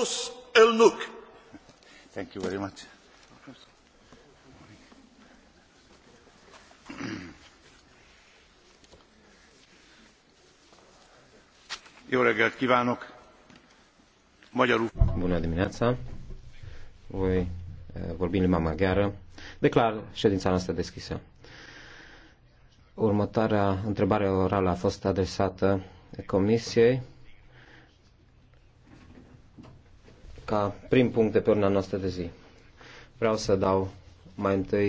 Os Elnuk. Thank you very much. Jó reggelt kívánok! Magyarul. Bună dimineața! Voi eh, vorbi în limba maghiară. Declar ședința noastră deschisă. Următoarea întrebare orală a fost adresată Comisiei. ca prim punct de pe urna noastră de zi. Vreau să dau mai întâi